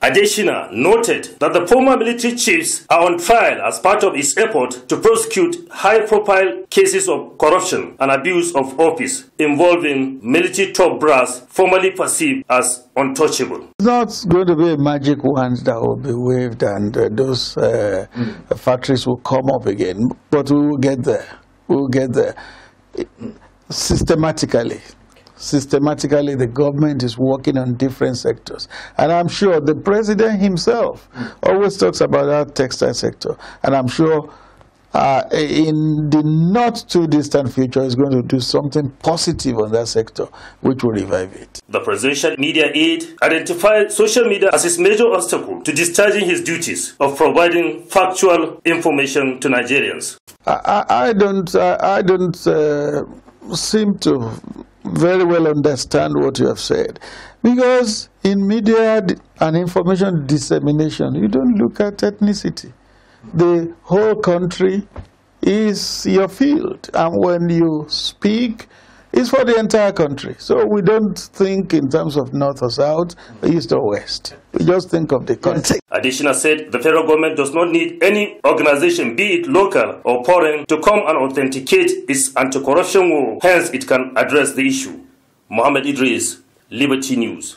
Adeshina noted that the former military chiefs are on trial as part of his effort to prosecute high profile cases of corruption and abuse of office involving military top brass formerly perceived as untouchable. It's not going to be magic wand that will be waved and uh, those uh, mm. factories will come up again, but we will get there. We will get there systematically systematically the government is working on different sectors. And I'm sure the president himself always talks about our textile sector. And I'm sure uh, in the not too distant future is going to do something positive on that sector, which will revive it. The presidential media aide identified social media as his major obstacle to discharging his duties of providing factual information to Nigerians. I, I, I don't, I, I don't. Uh, seem to very well understand what you have said. Because in media and information dissemination, you don't look at ethnicity. The whole country is your field. And when you speak, it's for the entire country. So we don't think in terms of north or south, east or west. We just think of the country. Additional said the federal government does not need any organization, be it local or foreign, to come and authenticate its anti-corruption rule. Hence, it can address the issue. Mohammed Idris, Liberty News.